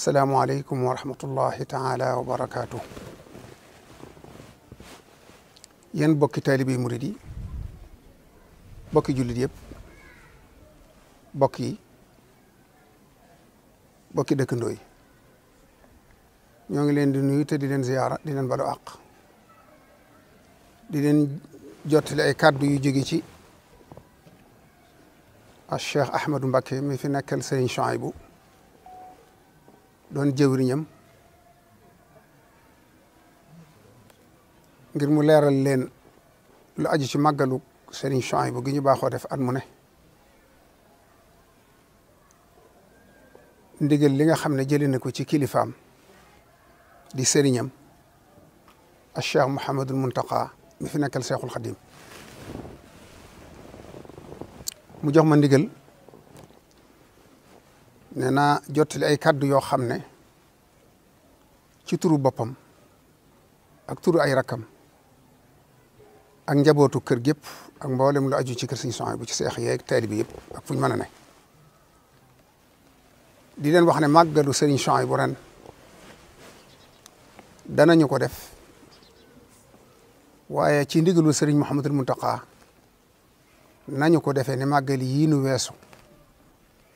asalaamualeykum wa rahmatullahi taala wa barakaatu. yéen bokki taalibe murid yi bokki jullit yëpp bokk yi bokki dëkkandoo yi ñoo ngi leen di nuyu di leen ziyaara di leen balu àq di leen jottali ay kàddu yu jóge ci a Cheikh Ahmadou Mbacké mi fi nekkal Serigne Chouaïbou doon jëwriñam ngir mu leeral leen lu aju ci màggalu Serigne Souhaïbou gi ñu baaxoo def at mu ne ndigal li nga xam ne jëlee na ko ci kilifaam di sëriñam ak Cheikh Mouhamadul Muntaqa mu fi nekkal Cheikhul Khadim mu jox ma ndigal ne na jottil ay kàddu yoo xam ne ci turu boppam ak turu ay rakkam ak njabootu kër gépp ak mboolem lu aju ci kër Sëriñ Suhaybu bu ci seex yeeg taalibe bi yëpp ak fu ñu mën a ne di leen wax ne màggalu Sëriñ Suhaybu bu ren danañu ko def waaye ci ndigalu Sëriñ Muhammadul Muntaqa nañu ko defee ne màggali yii nu weesu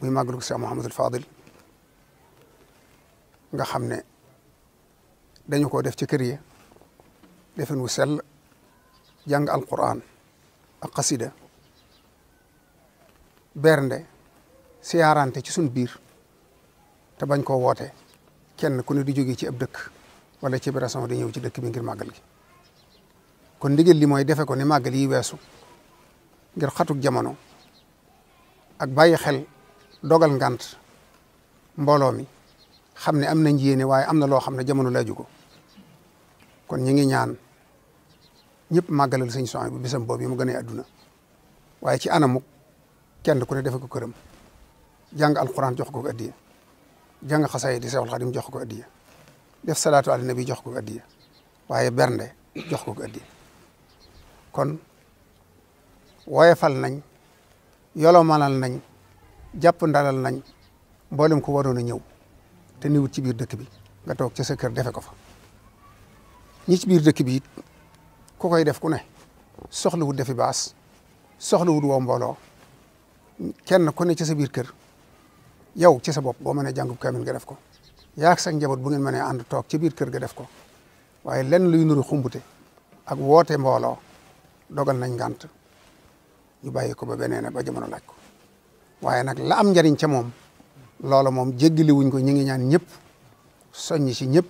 mu muy màggalu Cheikh Mouhamadul Fadil nga xam ne dañu ko def ci kër yi defen wu sell jàng alquran ak xasida bernde siyaarante ci sun biir te bañ koo woote kenn ku ne di jóge ci ab dëkk wala ci biir di ñëw ci dëkk bi ngir màggal gi kon ndigal li mooy defe ko ni màggal yi weesu ngir xatuk jamono ak bàyyi xel dogal ngant mbooloo mi xam ne am nañ yéene waaye am na loo xam ne jamono laaju ko kon ñu ngi ñaan ñëpp màggalal sëñ Sohaybu bu bisam boobu yi mu gënee adduna waaye ci anamuk kenn ku ne defe ko këram jàng alquran jox ko ko addiya di Seexul Xadim jox ko addiya def salaatu ala nabi jox ko ko addiya waaye bernde jox ko ko addiya kon woyefal nañ yolomalal nañ jàpp ndalal nañ mboolem ko waroon a ñëw te niwut ci biir dëkk bi nga toog ca sa kër defe ko fa ñi ci biir dëkk bi ko ku koy def ku ne soxlawut defi baas soxlawut woo mbooloo kenn ku ne ci sa biir kër yow ci sa bopp boo mënee jàngub kaamil nga def ko yaak sa njaboot bu ngeen mënee ànd toog ci biir kër ga def ko waaye lenn luy nuru xumbute ak woote mbooloo dogal nañ ngànt ñu bàyyi ko ba beneen ba jamono laaj ko waaye nag la am njariñ ca moom loola moom jéggali wuñ ko ñu ngi ñaan ñëpp soññ si ñëpp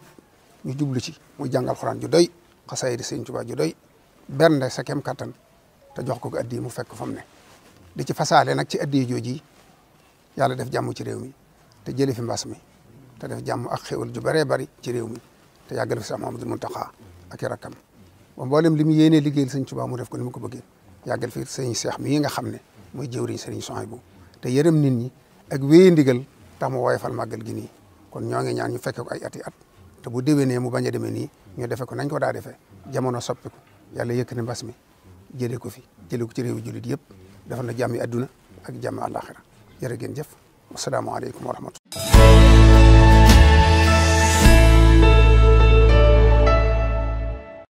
ñu jublu ci mu jàngal xuraan ju doy xasayidi sëñ Tuubaa ju doy bernde sa kem kattan te jox ko ko addi mu fekk fa ne di ci fasaale nag ci addi jooji yàlla def jàmm ci réew mi te jële fi mbas mi te def jàmm ak xéwal ju bëree bëri ci réew mi te yàggal fi sax Mamadou Muntaxa ak i rakkam ba mboolem li mu yéenee liggéeyal sëñ Tuubaa mu def ko ni mu ko bëggee yàggal fi sëñ Seex mii nga xam ne mooy jëwriñ sëriñ Sohaybu te yërëm nit ñi ak wéye ndigal tax mu woyofal màggal gi nii kon ñoo ngi ñaan ñu fekke ko ay ati at te bu déwénee mu bañ a demee nii ñu defe ko nañ ko daa defee jamono soppiku yàlla yëkk ne mbas mi jëlee ko fi jële ko ci réewu jullit yëpp dafa na jàmmi adduna ak jàmm àllaaxira jërë gen jëf wasalaamaaleykum wa rahmatulah